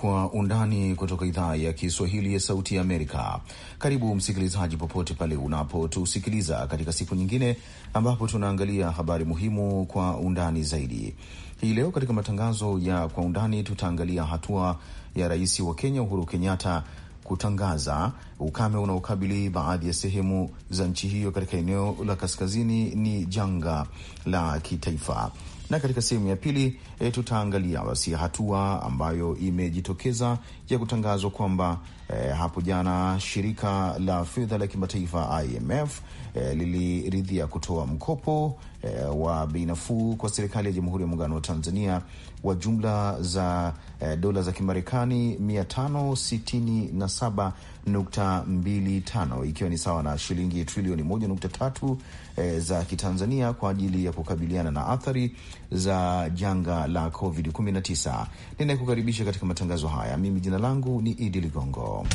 Kwa Undani kutoka idhaa ya Kiswahili ya Sauti ya Amerika. Karibu msikilizaji, popote pale unapotusikiliza katika siku nyingine ambapo tunaangalia habari muhimu kwa undani zaidi. Hii leo katika matangazo ya Kwa Undani tutaangalia hatua ya rais wa Kenya Uhuru Kenyatta kutangaza ukame unaokabili baadhi ya sehemu za nchi hiyo katika eneo la kaskazini ni janga la kitaifa na katika sehemu ya pili e, tutaangalia basi hatua ambayo imejitokeza ya kutangazwa kwamba e, hapo jana shirika la fedha la kimataifa IMF e, liliridhia kutoa mkopo e, wa bei nafuu kwa serikali ya Jamhuri ya Muungano wa Tanzania wa jumla za e, dola za Kimarekani 567.25 ikiwa ni sawa na shilingi trilioni 1.3 za Kitanzania kwa ajili ya kukabiliana na athari za janga la COVID-19. Ninayekukaribisha katika matangazo haya mimi, jina langu ni Idi Ligongo.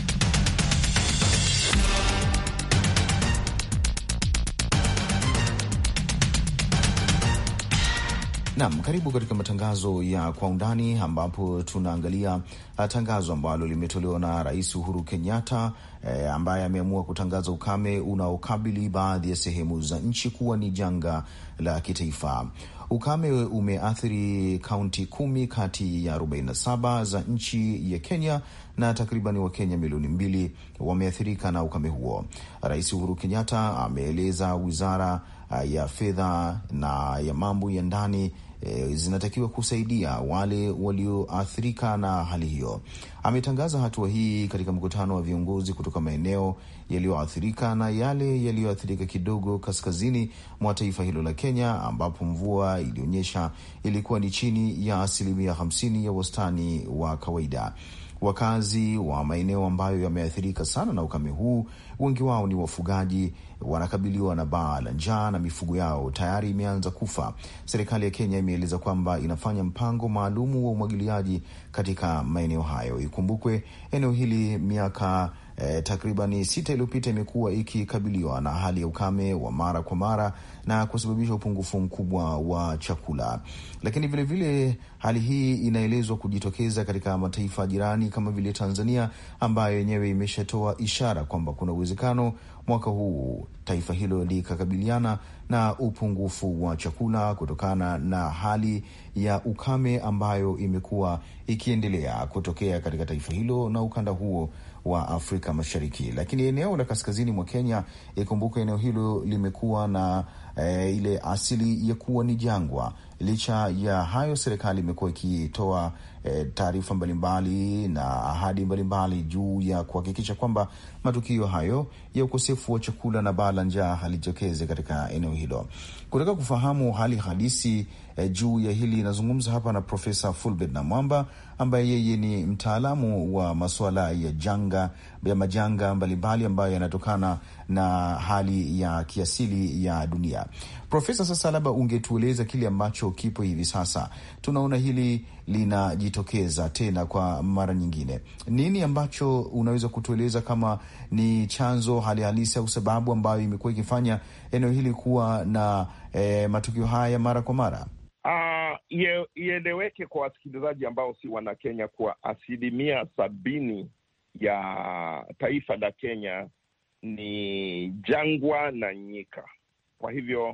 Naam, karibu katika matangazo ya kwa undani ambapo tunaangalia ah, tangazo ambalo limetolewa na Rais Uhuru Kenyatta e, ambaye ameamua kutangaza ukame unaokabili baadhi ya sehemu za nchi kuwa ni janga la kitaifa. Ukame umeathiri kaunti kumi kati ya 47 za nchi ya Kenya na takriban Wakenya milioni mbili wameathirika na ukame huo. Rais Uhuru Kenyatta ameeleza wizara ah, ya fedha na ya mambo ya ndani e, zinatakiwa kusaidia wale walioathirika na hali hiyo. Ametangaza hatua hii katika mkutano wa viongozi kutoka maeneo yaliyoathirika na yale yaliyoathirika kidogo kaskazini mwa taifa hilo la Kenya, ambapo mvua ilionyesha ilikuwa ni chini ya asilimia hamsini ya wastani wa kawaida. Wakazi wa maeneo ambayo yameathirika sana na ukame huu, wengi wao ni wafugaji wanakabiliwa na baa la njaa na mifugo yao tayari imeanza kufa. Serikali ya Kenya imeeleza kwamba inafanya mpango maalumu wa umwagiliaji katika maeneo hayo. Ikumbukwe eneo hili miaka E, takriban sita iliyopita imekuwa ikikabiliwa na hali ya ukame wa mara kwa mara na kusababisha upungufu mkubwa wa chakula. Lakini vilevile vile, hali hii inaelezwa kujitokeza katika mataifa jirani kama vile Tanzania ambayo yenyewe imeshatoa ishara kwamba kuna uwezekano mwaka huu taifa hilo likakabiliana na upungufu wa chakula kutokana na hali ya ukame ambayo imekuwa ikiendelea kutokea katika taifa hilo na ukanda huo wa Afrika Mashariki. Lakini eneo la kaskazini mwa Kenya, ikumbuka eneo hilo limekuwa na e, ile asili ya kuwa ni jangwa. Licha ya hayo, serikali imekuwa ikitoa e, taarifa mbalimbali na ahadi mbalimbali juu ya kuhakikisha kwamba matukio hayo ya ukosefu wa chakula na baa la njaa halijitokeze katika eneo hilo. Kutaka kufahamu hali halisi e, juu ya hili, inazungumza hapa na Profesa Fulbert Namwamba ambaye yeye ni mtaalamu wa masuala ya janga ya majanga mbalimbali ambayo yanatokana na hali ya kiasili ya dunia. Profesa, sasa labda ungetueleza kile ambacho kipo hivi sasa. Tunaona hili linajitokeza tena kwa mara nyingine. Nini ambacho unaweza kutueleza kama ni chanzo hali halisi au sababu ambayo imekuwa ikifanya eneo hili kuwa na eh, matukio haya mara kwa mara? Ah, ieleweke kwa wasikilizaji ambao si wana kenya kuwa asilimia sabini ya taifa la Kenya ni jangwa na nyika. Kwa hivyo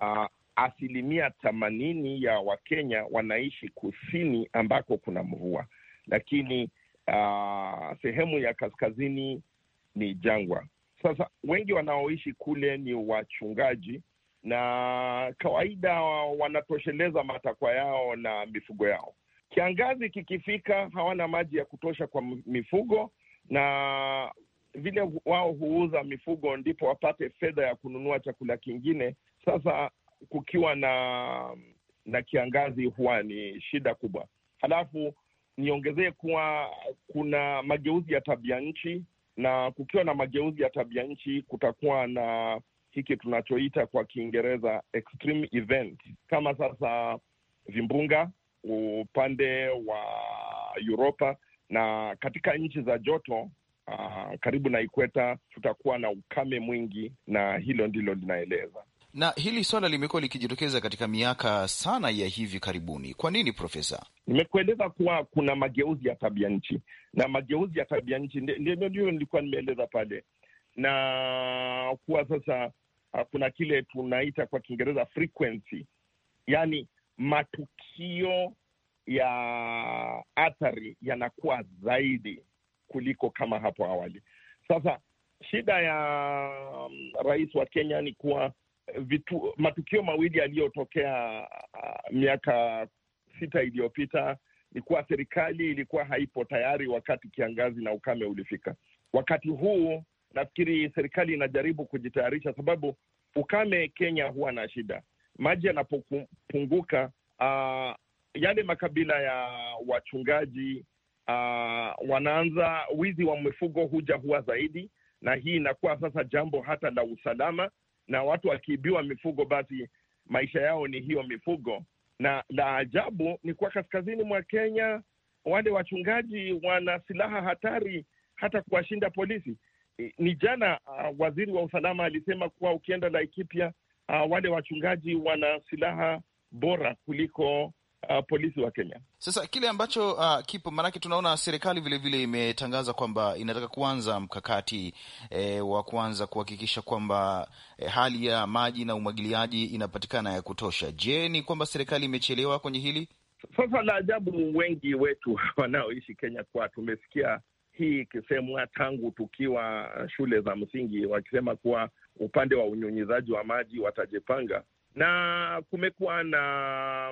uh, asilimia themanini ya Wakenya wanaishi kusini ambako kuna mvua, lakini uh, sehemu ya kaskazini ni jangwa. Sasa wengi wanaoishi kule ni wachungaji na kawaida wanatosheleza matakwa yao na mifugo yao. Kiangazi kikifika, hawana maji ya kutosha kwa mifugo, na vile wao huuza mifugo ndipo wapate fedha ya kununua chakula kingine. Sasa kukiwa na na kiangazi huwa ni shida kubwa. Halafu niongezee kuwa kuna mageuzi ya tabia nchi, na kukiwa na mageuzi ya tabia nchi kutakuwa na hiki tunachoita kwa Kiingereza extreme event, kama sasa vimbunga upande wa Uropa na katika nchi za joto uh, karibu na ikweta, tutakuwa na ukame mwingi, na hilo ndilo linaeleza. Na hili swala limekuwa likijitokeza katika miaka sana ya hivi karibuni. Kwa nini, Profesa? Nimekueleza kuwa kuna mageuzi ya tabia nchi, na mageuzi ya tabia nchi ndio nilikuwa nimeeleza pale, na kuwa sasa Ah, kuna kile tunaita kwa Kiingereza frequency, yani matukio ya athari yanakuwa zaidi kuliko kama hapo awali. Sasa shida ya um, rais wa Kenya ni kuwa eh, vitu, matukio mawili yaliyotokea uh, miaka sita iliyopita ni kuwa serikali ilikuwa haipo tayari wakati kiangazi na ukame ulifika. Wakati huu nafikiri serikali inajaribu kujitayarisha, sababu ukame Kenya huwa na shida, maji yanapopunguka, uh, yale makabila ya wachungaji uh, wanaanza wizi wa mifugo huja huwa zaidi, na hii inakuwa sasa jambo hata la usalama, na watu wakiibiwa mifugo, basi maisha yao ni hiyo mifugo. Na la ajabu ni kuwa kaskazini mwa Kenya wale wachungaji wana silaha hatari hata kuwashinda polisi. Eh, ni jana uh, waziri wa usalama alisema kuwa ukienda Laikipia uh, wale wachungaji wana silaha bora kuliko Uh, polisi wa Kenya. Sasa kile ambacho uh, kipo maanake, tunaona serikali vilevile imetangaza kwamba inataka kuanza mkakati eh, wa kuanza kuhakikisha kwamba eh, hali ya maji na umwagiliaji inapatikana ya kutosha. Je, ni kwamba serikali imechelewa kwenye hili? Sasa la ajabu, wengi wetu wanaoishi Kenya kwa tumesikia hii ikisemwa tangu tukiwa shule za msingi, wakisema kuwa upande wa unyunyizaji wa maji watajipanga, na kumekuwa na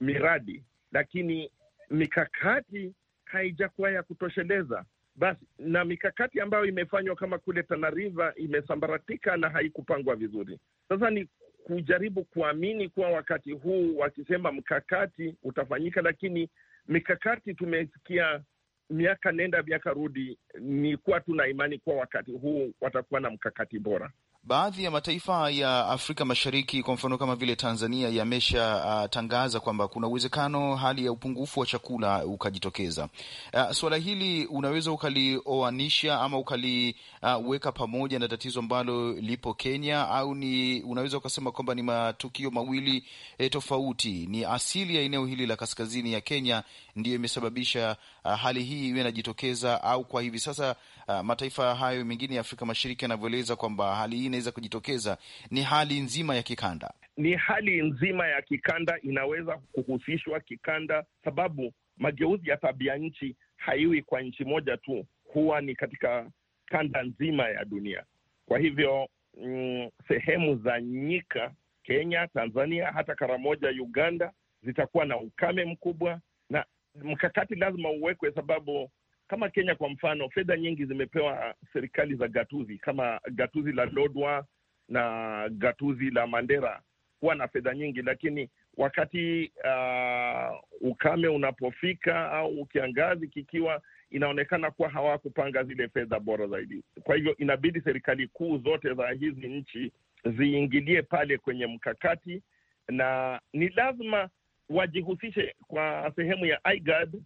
miradi, lakini mikakati haijakuwa ya kutosheleza. Basi na mikakati ambayo imefanywa kama kule Tana River imesambaratika na haikupangwa vizuri. Sasa ni kujaribu kuamini kuwa wakati huu wakisema mkakati utafanyika, lakini mikakati tumesikia miaka nenda miaka rudi, ni kuwa tu na imani kuwa wakati huu watakuwa na mkakati bora. Baadhi ya mataifa ya Afrika Mashariki kwa mfano kama vile Tanzania yameshatangaza uh, kwamba kuna uwezekano hali ya upungufu wa chakula ukajitokeza. Uh, suala hili unaweza ukalioanisha ama ukaliweka uh, pamoja na tatizo ambalo lipo Kenya, au ni unaweza ukasema kwamba ni matukio mawili eh, tofauti? Ni asili ya eneo hili la kaskazini ya Kenya ndiyo imesababisha uh, hali hii iwe inajitokeza, au kwa hivi sasa uh, mataifa hayo mengine ya Afrika Mashariki yanavyoeleza kwamba hali hii inaweza kujitokeza, ni hali nzima ya kikanda, ni hali nzima ya kikanda, inaweza kuhusishwa kikanda, sababu mageuzi ya tabia nchi haiwi kwa nchi moja tu, huwa ni katika kanda nzima ya dunia. Kwa hivyo mm, sehemu za nyika Kenya, Tanzania, hata Karamoja Uganda zitakuwa na ukame mkubwa, na mkakati lazima uwekwe, sababu kama Kenya kwa mfano, fedha nyingi zimepewa serikali za gatuzi kama gatuzi la lodwa na gatuzi la Mandera huwa na fedha nyingi, lakini wakati uh, ukame unapofika au kiangazi kikiwa, inaonekana kuwa hawakupanga zile fedha bora zaidi. Kwa hivyo inabidi serikali kuu zote za hizi nchi ziingilie pale kwenye mkakati, na ni lazima wajihusishe kwa sehemu ya IGAD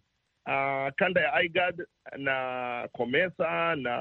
uh, kanda ya IGAD na COMESA na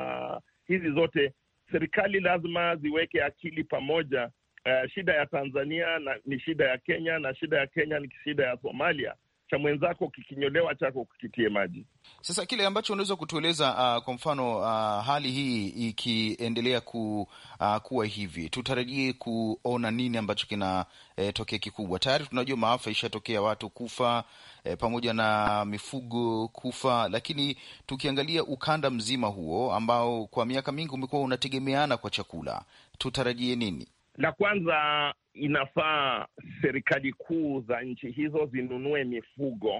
hizi zote serikali lazima ziweke akili pamoja. Uh, shida ya Tanzania na, ni shida ya Kenya na shida ya Kenya ni shida ya Somalia cha mwenzako kikinyolewa, chako kikitie maji. Sasa kile ambacho unaweza kutueleza uh, kwa mfano uh, hali hii ikiendelea ku, uh, kuwa hivi, tutarajie kuona nini ambacho kinatokea? Eh, kikubwa tayari tunajua maafa ishatokea, watu kufa eh, pamoja na mifugo kufa, lakini tukiangalia ukanda mzima huo ambao kwa miaka mingi umekuwa unategemeana kwa chakula, tutarajie nini? La kwanza inafaa serikali kuu za nchi hizo zinunue mifugo,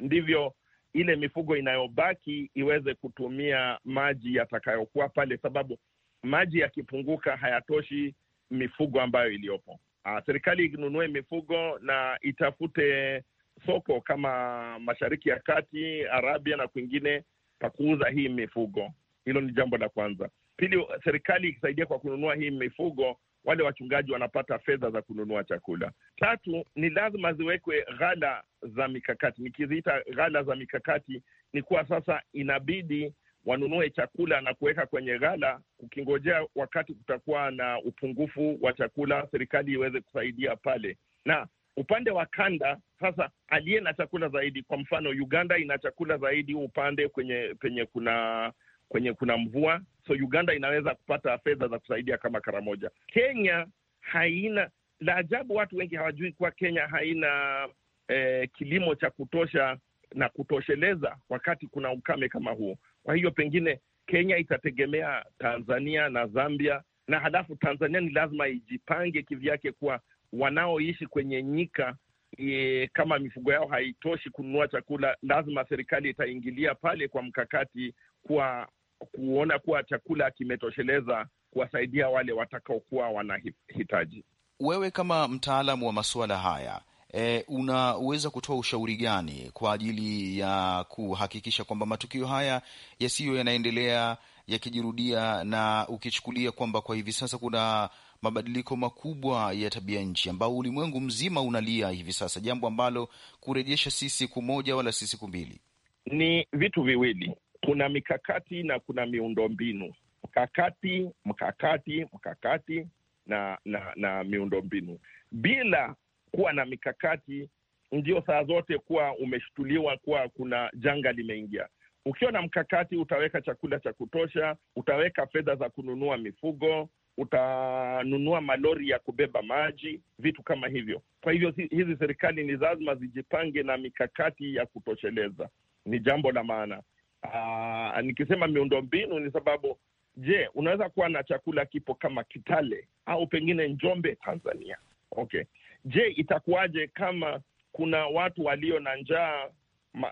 ndivyo ile mifugo inayobaki iweze kutumia maji yatakayokuwa pale, sababu maji yakipunguka hayatoshi mifugo ambayo iliyopo. Ah, serikali inunue mifugo na itafute soko kama Mashariki ya Kati, Arabia na kwingine pa kuuza hii mifugo. Hilo ni jambo la kwanza. Pili, serikali ikisaidia kwa kununua hii mifugo wale wachungaji wanapata fedha za kununua chakula. Tatu, ni lazima ziwekwe ghala za mikakati. Nikiziita ghala za mikakati, ni kuwa sasa inabidi wanunue chakula na kuweka kwenye ghala, kukingojea wakati kutakuwa na upungufu wa chakula, serikali iweze kusaidia pale. Na upande wa kanda sasa, aliye na chakula zaidi, kwa mfano Uganda ina chakula zaidi upande kwenye penye kuna kwenye kuna mvua, so Uganda inaweza kupata fedha za kusaidia kama Karamoja. Kenya haina la ajabu, watu wengi hawajui kuwa Kenya haina eh, kilimo cha kutosha na kutosheleza wakati kuna ukame kama huo. Kwa hiyo pengine Kenya itategemea Tanzania na Zambia, na halafu Tanzania ni lazima ijipange kivyake kuwa wanaoishi kwenye nyika e, kama mifugo yao haitoshi kununua chakula, lazima serikali itaingilia pale kwa mkakati kuwa kuona kuwa chakula kimetosheleza kuwasaidia wale watakaokuwa wanahitaji. Wewe kama mtaalamu wa masuala haya e, unaweza kutoa ushauri gani kwa ajili ya kuhakikisha kwamba matukio haya yasiyo yanaendelea yakijirudia, na ukichukulia kwamba kwa hivi sasa kuna mabadiliko makubwa ya tabia nchi ambao ulimwengu mzima unalia hivi sasa, jambo ambalo kurejesha sisi kumoja wala sisi kumbili ni vitu viwili kuna mikakati na kuna miundombinu. Mkakati, mkakati, mkakati na na, na miundombinu. Bila kuwa na mikakati, ndio saa zote kuwa umeshtuliwa kuwa kuna janga limeingia. Ukiwa na mkakati, utaweka chakula cha kutosha, utaweka fedha za kununua mifugo, utanunua malori ya kubeba maji, vitu kama hivyo. Kwa hivyo hizi serikali ni lazima zijipange na mikakati ya kutosheleza, ni jambo la maana. Uh, nikisema miundo mbinu ni sababu, je, unaweza kuwa na chakula kipo kama Kitale au pengine Njombe Tanzania? Okay, je, itakuwaje kama kuna watu walio na njaa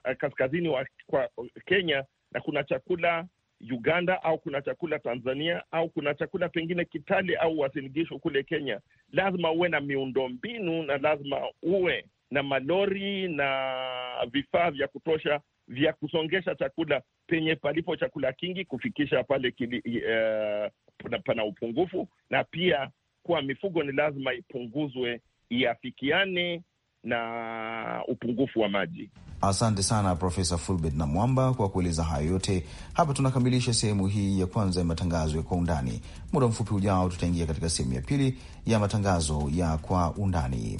eh, kaskazini wa kwa Kenya na kuna chakula Uganda au kuna chakula Tanzania au kuna chakula pengine Kitale au wasinigishu kule Kenya? Lazima uwe na miundo mbinu na lazima uwe na malori na vifaa vya kutosha vya kusongesha chakula penye palipo chakula kingi kufikisha pale kili, uh, pana, pana upungufu, na pia kuwa mifugo ni lazima ipunguzwe iafikiane na upungufu wa maji. Asante sana Profesa Fulbert na Mwamba kwa kueleza hayo yote. Hapa tunakamilisha sehemu hii ya kwanza ya matangazo ya kwa undani. Muda mfupi ujao, tutaingia katika sehemu ya pili ya matangazo ya kwa undani.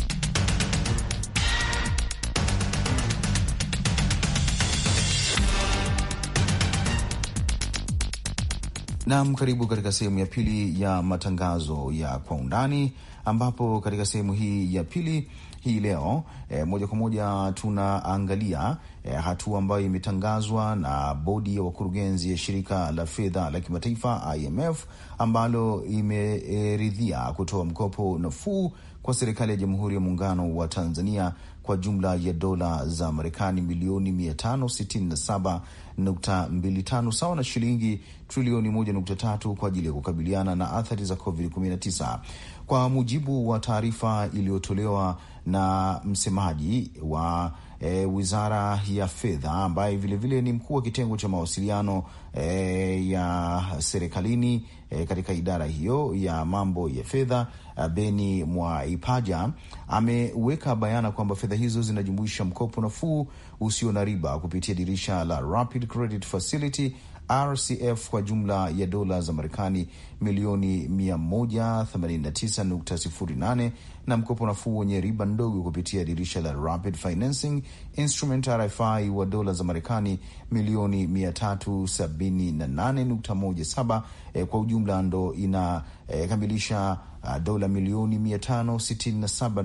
Nam, karibu katika sehemu ya pili ya matangazo ya kwa undani, ambapo katika sehemu hii ya pili hii leo e, moja kwa moja tunaangalia e, hatua ambayo imetangazwa na bodi ya wakurugenzi ya shirika la fedha la kimataifa IMF ambalo imeridhia kutoa mkopo nafuu kwa serikali ya Jamhuri ya Muungano wa Tanzania kwa jumla ya dola za Marekani milioni 567.25 sawa na shilingi trilioni 1.3 kwa ajili ya kukabiliana na athari za COVID-19 kwa mujibu wa taarifa iliyotolewa na msemaji wa e, wizara ya fedha ambaye vilevile ni mkuu wa kitengo cha mawasiliano e, ya serikalini e, katika idara hiyo ya mambo ya fedha e, Beni Mwaipaja ameweka bayana kwamba fedha hizo zinajumuisha mkopo nafuu usio na riba kupitia dirisha la Rapid Credit Facility RCF kwa jumla ya dola za Marekani milioni 189.08 na mkopo nafuu wenye riba ndogo kupitia dirisha la Rapid Financing Instrument RFI wa dola za Marekani milioni 378.17. E, eh, kwa ujumla ndo inakamilisha e, dola milioni 567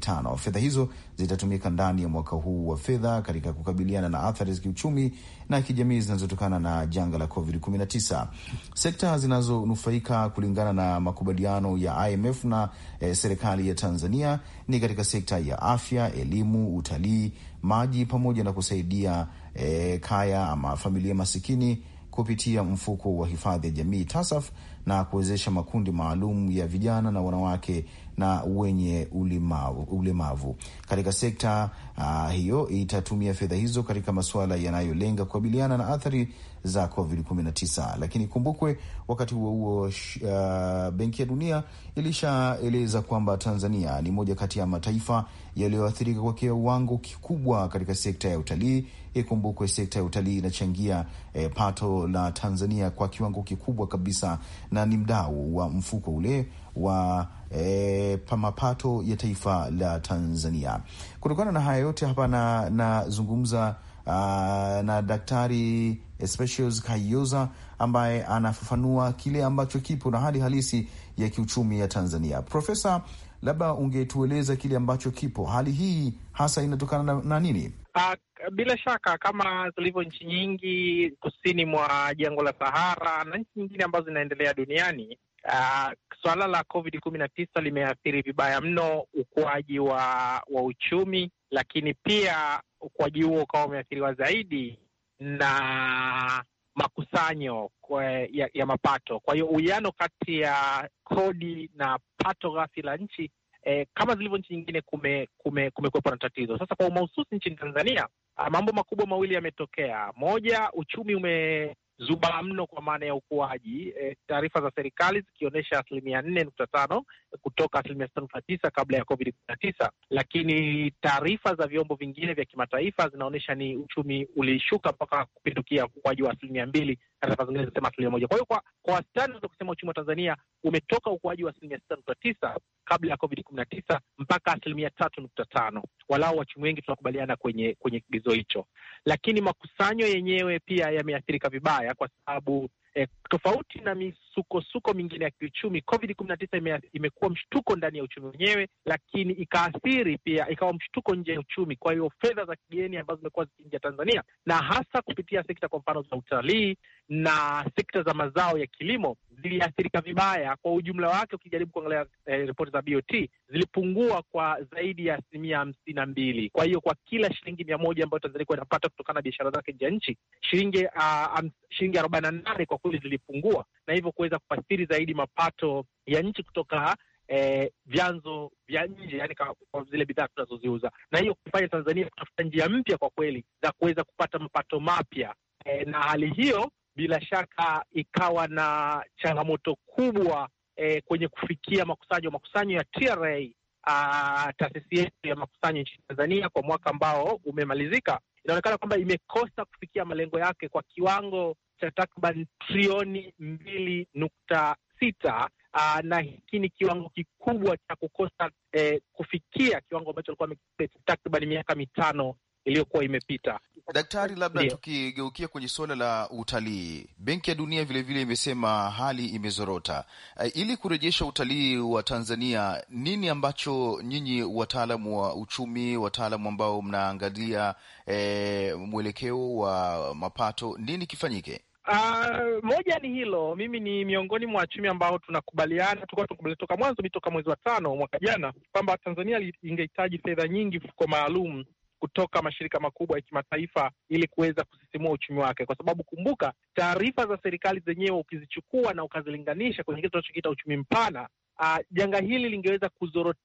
tano. Fedha hizo zitatumika ndani ya mwaka huu wa fedha katika kukabiliana na athari za kiuchumi na kijamii zinazotokana na janga la COVID-19. Sekta zinazonufaika kulingana na makubaliano ya IMF na eh, serikali ya Tanzania ni katika sekta ya afya, elimu, utalii, maji pamoja na kusaidia eh, kaya ama familia masikini kupitia mfuko wa hifadhi ya jamii TASAF na kuwezesha makundi maalum ya vijana na wanawake na wenye ulemavu, ulemavu. Katika sekta uh, hiyo itatumia fedha hizo katika masuala yanayolenga kukabiliana na athari za COVID-19. Lakini kumbukwe, wakati huo huo, uh, Benki ya Dunia ilishaeleza kwamba Tanzania ni moja kati ya mataifa yaliyoathirika kwa kiwango kikubwa katika sekta ya utalii. Ikumbukwe sekta ya utalii inachangia eh, pato la Tanzania kwa kiwango kikubwa kabisa na ni mdau wa mfuko ule wa e, pa mapato ya taifa la Tanzania. Kutokana na haya yote hapa nazungumza na, na Daktari Specials Kayoza ambaye anafafanua kile ambacho kipo na hali halisi ya kiuchumi ya Tanzania. Profesa, labda ungetueleza kile ambacho kipo, hali hii hasa inatokana na, na nini? Uh, bila shaka kama zilivyo nchi nyingi kusini mwa jangwa la Sahara na nchi nyingine ambazo zinaendelea duniani Uh, swala la COVID kumi na tisa limeathiri vibaya mno ukuaji wa, wa uchumi, lakini pia ukuaji huo ukawa umeathiriwa zaidi na makusanyo kwe, ya, ya mapato. Kwa hiyo uwiano kati ya kodi na pato ghafi la nchi eh, kama zilivyo nchi nyingine kume, kume, na tatizo. Sasa kwa umahususi nchini Tanzania, ah, mambo makubwa mawili yametokea. Moja, uchumi ume zubaa mno kwa maana ya ukuaji e, taarifa za serikali zikionyesha asilimia nne nukta tano eh, kutoka asilimia sita nukta tisa kabla ya covid kumi na tisa, lakini taarifa za vyombo vingine vya kimataifa zinaonyesha ni uchumi ulishuka mpaka kupindukia ukuaji wa asilimia mbili taarifa zingine zinasema trilioni moja. Kwa hiyo kwa kwa wastani unaweza kusema uchumi wa Tanzania umetoka ukuaji wa asilimia sita nukta tisa kabla ya Covid kumi na tisa mpaka asilimia tatu nukta tano walau wachumi wengi tunakubaliana kwenye kwenye kigezo hicho, lakini makusanyo yenyewe pia yameathirika vibaya kwa sababu eh, tofauti na misukosuko mingine ya kiuchumi, Covid kumi na tisa imekuwa mshtuko ndani ya uchumi wenyewe, lakini ikaathiri pia ikawa mshtuko nje ya uchumi. Kwa hiyo fedha za kigeni ambazo zimekuwa zikiingia Tanzania na hasa kupitia sekta kwa mfano za utalii na sekta za mazao ya kilimo ziliathirika vibaya kwa ujumla wake. Ukijaribu kuangalia eh, ripoti za BOT zilipungua kwa zaidi ya asilimia hamsini na mbili. Kwa hiyo kwa kila shilingi mia moja ambayo Tanzania ilikuwa inapata kutokana na biashara zake nje ya nchi, shilingi uh, um, shilingi arobaini na nane kwa kweli zilipungua, na hivyo kuweza kuathiri zaidi mapato ya nchi kutoka eh, vyanzo vya nje, yani kwa zile bidhaa tunazoziuza, na hiyo kufanya Tanzania kutafuta njia mpya kwa kweli za kuweza kupata mapato mapya eh, na hali hiyo bila shaka ikawa na changamoto kubwa e, kwenye kufikia makusanyo makusanyo ya TRA ah, taasisi yetu ya makusanyo nchini Tanzania kwa mwaka ambao umemalizika, inaonekana kwamba imekosa kufikia malengo yake kwa kiwango cha takriban trilioni mbili nukta sita. Aa, ah, na hiki ni kiwango kikubwa cha kukosa eh, kufikia kiwango ambacho alikuwa takriban miaka mitano iliyokuwa imepita. Daktari, labda tukigeukia kwenye suala la utalii, Benki ya Dunia vilevile vile imesema hali imezorota. Uh, ili kurejesha utalii wa Tanzania, nini ambacho nyinyi wataalamu wa uchumi, wataalamu ambao mnaangalia eh, mwelekeo wa mapato, nini kifanyike? Uh, moja ni hilo. Mimi ni miongoni mwa wachumi ambao tunakubaliana, tulikuwa tunakubaliana toka mwanzo, mitoka toka mwezi wa tano mwaka jana, kwamba Tanzania ingehitaji fedha nyingi, mfuko maalum kutoka mashirika makubwa ya kimataifa ili kuweza kusisimua uchumi wake, kwa sababu kumbuka, taarifa za serikali zenyewe ukizichukua na ukazilinganisha kwenye kitu tunachokiita uchumi mpana, uh, janga hili lingeweza kuzorote,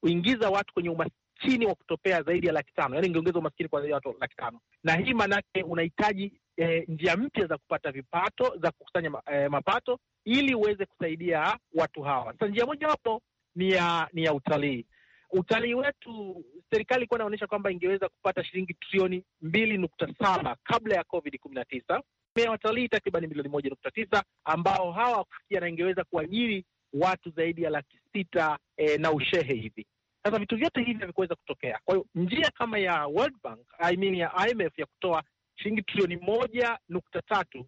kuingiza watu kwenye umaskini wa kutopea zaidi ya laki tano, yaani ingeongeza umaskini kwa zaidi ya watu laki tano, na hii maanake unahitaji E, njia mpya za kupata vipato za kukusanya e, mapato ili uweze kusaidia watu hawa. Sasa njia mojawapo ni ya ni ya utalii utalii wetu, serikali ilikuwa inaonyesha kwamba ingeweza kupata shilingi trilioni mbili nukta saba kabla ya COVID kumi na tisa mea watalii takriban milioni moja nukta tisa ambao hawa wakufikia na ingeweza kuajiri watu zaidi ya laki sita e, na ushehe hivi. Sasa vitu vyote hivi havikuweza kutokea. Kwa hiyo njia kama ya World Bank, I mean ya IMF ya kutoa shilingi trilioni moja nukta tatu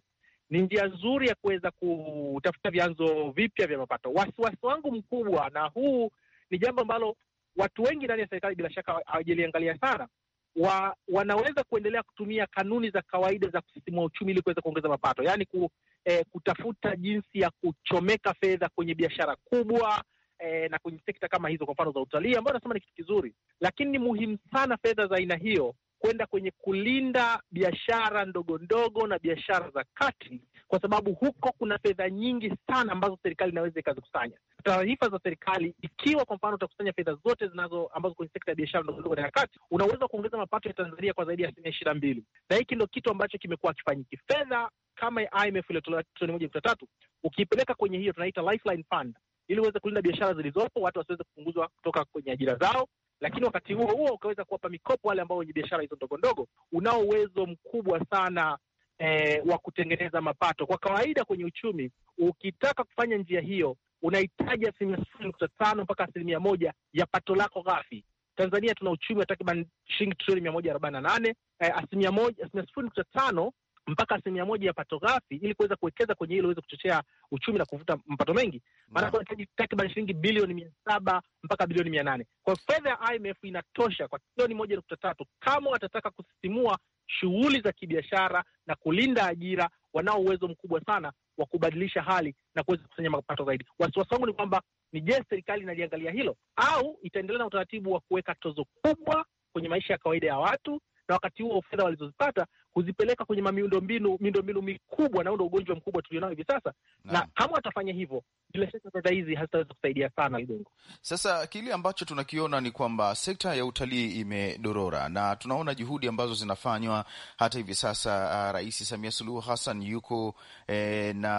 ni njia nzuri ya kuweza kutafuta vyanzo vipya vya mapato. Wasiwasi wangu mkubwa na huu ni jambo ambalo watu wengi ndani ya serikali bila shaka hawajaliangalia sana wa, wanaweza kuendelea kutumia kanuni za kawaida za kusisimua uchumi ili kuweza kuongeza mapato, yaani ku, eh, kutafuta jinsi ya kuchomeka fedha kwenye biashara kubwa eh, na kwenye sekta kama hizo, kwa mfano za utalii, ambayo nasema ni kitu kizuri, lakini ni muhimu sana fedha za aina hiyo kwenda kwenye kulinda biashara ndogo ndogo na biashara za kati, kwa sababu huko kuna fedha nyingi sana ambazo serikali inaweza ikazikusanya. Taarifa za serikali, ikiwa kwa mfano utakusanya fedha zote zinazo ambazo kwenye sekta ya biashara ndogo ndogo na kati, unaweza kuongeza mapato ya Tanzania kwa zaidi ya asilimia ishirini na mbili, na hiki ndo kitu ambacho kimekuwa akifanyiki. Fedha kama IMF iliyotolewa trilioni moja nukta tatu ukiipeleka kwenye hiyo tunaita lifeline fund, ili uweze kulinda biashara zilizopo, watu wasiweze kupunguzwa kutoka kwenye ajira zao lakini wakati huo huo ukaweza kuwapa mikopo wale ambao wenye biashara hizo ndogo ndogo, unao uwezo mkubwa sana eh, wa kutengeneza mapato. Kwa kawaida kwenye uchumi, ukitaka kufanya njia hiyo unahitaji asilimia sifuri nukta tano mpaka asilimia moja ya pato lako ghafi. Tanzania tuna uchumi wa takriban shilingi trilioni mia moja arobaini na nane. Eh, asilimia sifuri nukta tano mpaka asilimia moja ya pato ghafi ili kuweza kuwekeza kwenye hilo uweze kuchochea uchumi na kuvuta mapato mengi, mm. maana kunahitaji takriban shilingi bilioni mia saba mpaka bilioni mia nane Kwa fedha ya IMF inatosha kwa trilioni moja nukta tatu kama watataka kusisimua shughuli za kibiashara na kulinda ajira. Wanao uwezo mkubwa sana wa kubadilisha hali na kuweza kukusanya mapato zaidi. Wasiwasi wangu ni kwamba ni je, serikali inaliangalia hilo au itaendelea na utaratibu wa kuweka tozo kubwa kwenye maisha ya kawaida ya watu na wakati huo fedha walizozipata kuzipeleka kwenye miundombinu miundombinu mikubwa, na ule ugonjwa mkubwa tulionao hivi sasa na, na kama watafanya hivyo, bila shaka data hizi hazitaweza kusaidia sana ligongo. Sasa kile ambacho tunakiona ni kwamba sekta ya utalii imedorora, na tunaona juhudi ambazo zinafanywa hata hivi sasa. Uh, Rais Samia Suluhu Hassan yuko eh, na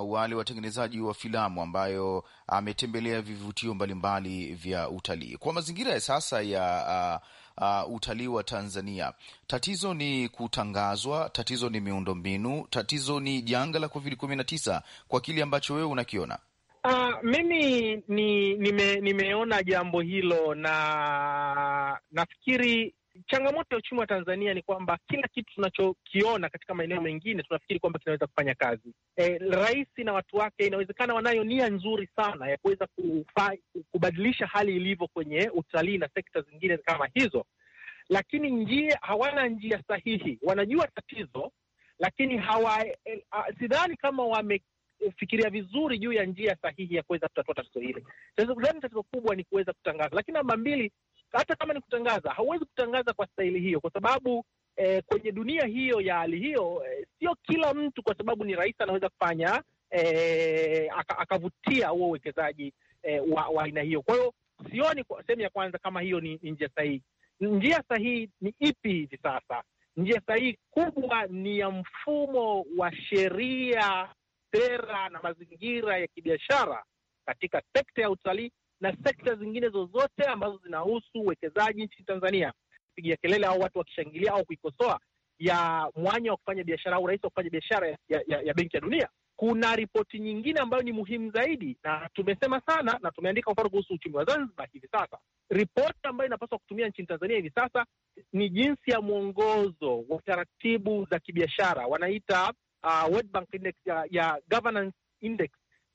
wale watengenezaji wa filamu ambayo ametembelea vivutio mbalimbali vya utalii kwa mazingira ya sasa ya uh, uh, utalii wa Tanzania. Tatizo ni kutangazwa, tatizo ni miundombinu, tatizo ni janga la Covid 19 Kwa kile ambacho wewe unakiona, uh, mimi ni, nime, nimeona jambo hilo na nafikiri Changamoto ya uchumi wa Tanzania ni kwamba kila kitu tunachokiona katika maeneo mengine tunafikiri kwamba kinaweza kufanya kazi. E, rais na watu wake inawezekana wanayo nia nzuri sana ya kuweza kubadilisha hali ilivyo kwenye utalii na sekta zingine kama hizo, lakini njia hawana njia sahihi. Wanajua tatizo, lakini hawa e, a, sidhani kama wame fikiria vizuri juu ya njia sahihi ya kuweza kutatua tatizo hili. Tatizo kubwa ni kuweza kutangaza, lakini namba mbili, hata kama ni kutangaza, hauwezi kutangaza kwa staili hiyo, kwa sababu eh, kwenye dunia hiyo ya hali hiyo eh, sio kila mtu, kwa sababu ni rais anaweza kufanya eh, akavutia huo uwekezaji eh, wa aina hiyo. Kwa hiyo sioni sehemu ya kwanza kama hiyo ni njia sahihi. Njia sahihi ni ipi hivi sasa? Njia sahihi kubwa ni ya mfumo wa sheria, sera na mazingira ya kibiashara katika sekta ya utalii na sekta zingine zozote ambazo zinahusu uwekezaji nchini Tanzania, pigia kelele au watu wakishangilia au kuikosoa ya mwanya wa kufanya biashara au rahis wa kufanya biashara ya, ya, ya Benki ya Dunia. Kuna ripoti nyingine ambayo ni muhimu zaidi, na tumesema sana na tumeandika kwa mfano kuhusu uchumi wa Zanzibar hivi sasa. Ripoti ambayo inapaswa kutumia nchini Tanzania hivi sasa ni jinsi ya mwongozo wa taratibu za kibiashara, wanaita uh, World Bank Index ya, ya governance index,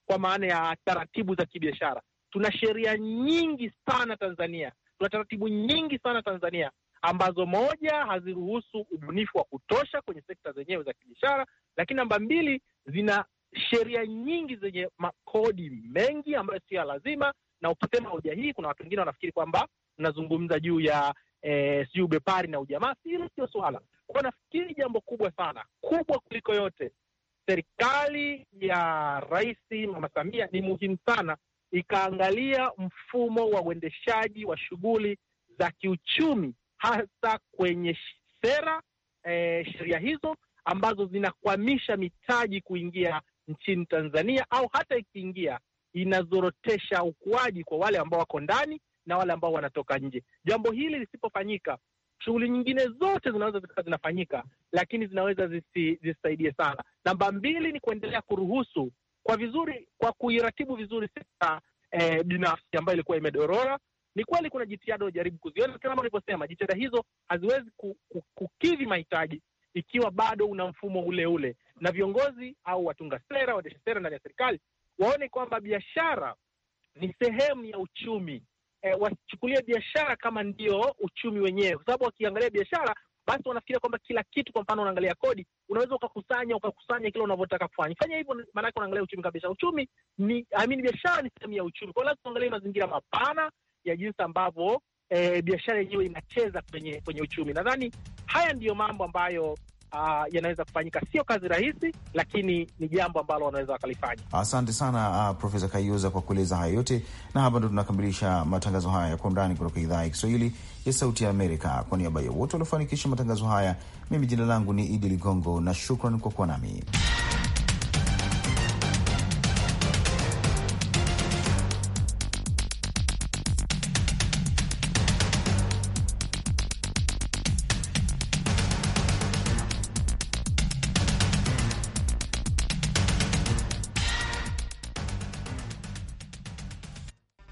kwa maana ya taratibu za kibiashara. Tuna sheria nyingi sana Tanzania, tuna taratibu nyingi sana Tanzania ambazo moja, haziruhusu ubunifu wa kutosha kwenye sekta zenyewe za kibiashara, lakini namba mbili, zina sheria nyingi zenye makodi mengi ambayo sio ya lazima. Na ukisema hoja hii, kuna watu wengine wanafikiri kwamba tunazungumza juu ya eh, sijui ubepari na ujamaa. Hilo sio swala kwao. Nafikiri jambo kubwa sana, kubwa kuliko yote, serikali ya Rais Mama Samia ni muhimu sana ikaangalia mfumo wa uendeshaji wa shughuli za kiuchumi hasa kwenye sera e, sheria hizo ambazo zinakwamisha mitaji kuingia nchini Tanzania au hata ikiingia inazorotesha ukuaji kwa wale ambao wako ndani na wale ambao wanatoka nje. Jambo hili lisipofanyika, shughuli nyingine zote zinaweza zikawa zinafanyika lakini zinaweza zisisaidie sana. Namba mbili ni kuendelea kuruhusu kwa vizuri, kwa kuiratibu vizuri sekta eh, binafsi ambayo ilikuwa imedorora. Ni kweli kuna jitihada ujaribu kuziona, kama ulivyosema, jitihada hizo haziwezi kukidhi mahitaji ikiwa bado una mfumo ule ule, na viongozi au watunga sera, waendesha sera ndani ya serikali waone kwamba biashara ni sehemu ya uchumi. E, wasichukulie biashara kama ndio uchumi wenyewe, kwa sababu wakiangalia biashara basi wanafikiria kwamba kila kitu, kwa mfano unaangalia kodi, unaweza ukakusanya ukakusanya kile unavyotaka kufanya. Fanya hivyo, maanake unaangalia uchumi kabisa. Uchumi ni amini, biashara ni sehemu ya uchumi, kwa lazima tuangalie mazingira mapana ya jinsi ambavyo eh, biashara yenyewe inacheza kwenye kwenye uchumi. Nadhani haya ndiyo mambo ambayo uh, yanaweza kufanyika. Sio kazi rahisi, lakini ni jambo ambalo wanaweza wakalifanya. Asante sana uh, Profesa Kayoza kwa kueleza haya yote, na hapa ndo tunakamilisha matangazo haya ya kwa undani kutoka idhaa ya Kiswahili ya Sauti ya Amerika. Kwa niaba ya wote waliofanikisha matangazo haya, mimi jina langu ni Idi Ligongo na shukran kwa kuwa nami.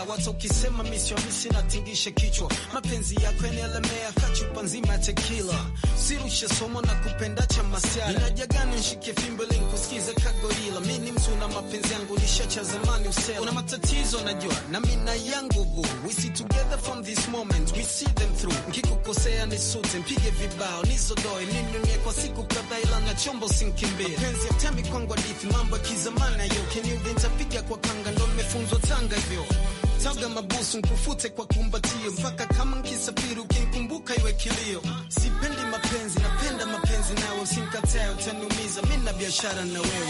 kuenea. Watu ukisema misi wamisi kichwa, mapenzi yako yanaelemea kachupa nzima ya Sirushe somo na kupenda cha masiara, inajagani nshike fimbo ili nikusikize kagorila. Mi ni mtu na mapenzi yangu nishacha zamani, usela una matatizo najua na mina yangu gu, We see together from this moment, we see them through. Nkikukosea sute mpige vibao nizodoe, ninunie kwa siku kadhaa, ila na chombo sinkimbia. Mapenzi ya tami kwangu hadithi, mambo ya kizamani hayo, keniudhi ntapiga kwa kanga, ndo mefunzwa Tanga hivyo taga mabusu nkufute kwa kumbatio mpaka kama nkisafiri ukinkumbuka iwe kilio. Sipendi mapenzi, napenda mapenzi nawe, usinkatae utaniumiza, mimi na biashara na wewe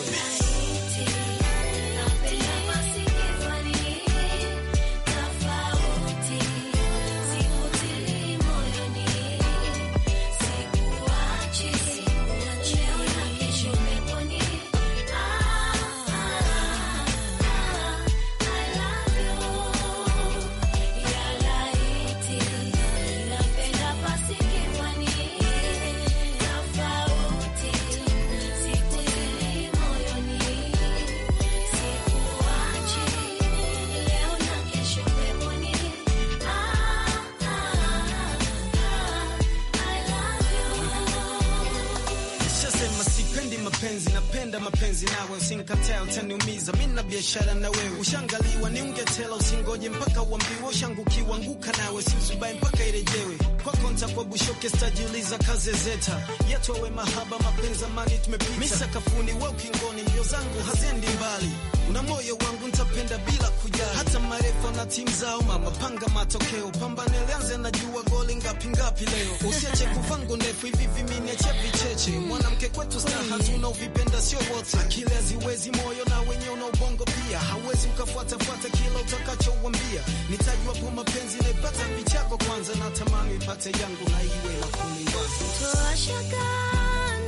biashara na wewe ushangaliwa, ni ungetela, usingoje mpaka uambiwe, ushangukiwa nguka nawe, si uzubaye mpaka irejewe kwa konta kwa bushoke stajiuliza kaze zeta yetu awe mahaba mapenza amani, tumepita misakafuni, we ukingoni, mbio zangu haziendi mbali na moyo wangu nitapenda bila kujali, hata marefa na timu zao. Mama panga matokeo, pambane lianze na jua, goli ngapi ngapi leo, usiache kuvangu ndefu hivi viminiache vicheche. Mwanamke kwetu staha, tuna uvipenda sio wote, akili haziwezi moyo na wenye una ubongo pia hawezi ukafuatafuata kila utakachowambia. Nitajua po mapenzi naipata vichako kwanza, na tamani ipate yangu na iwe na kuniwa toa shaka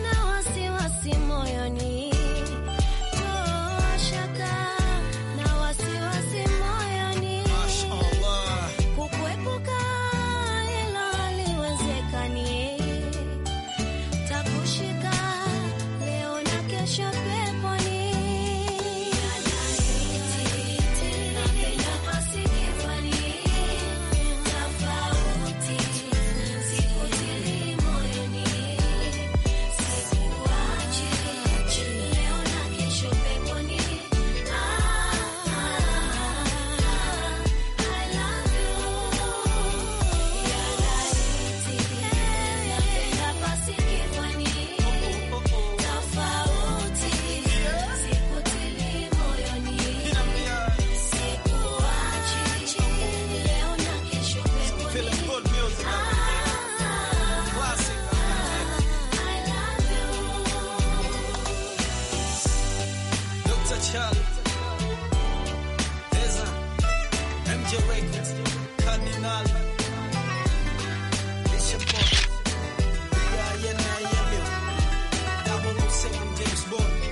na wasiwasi moyoni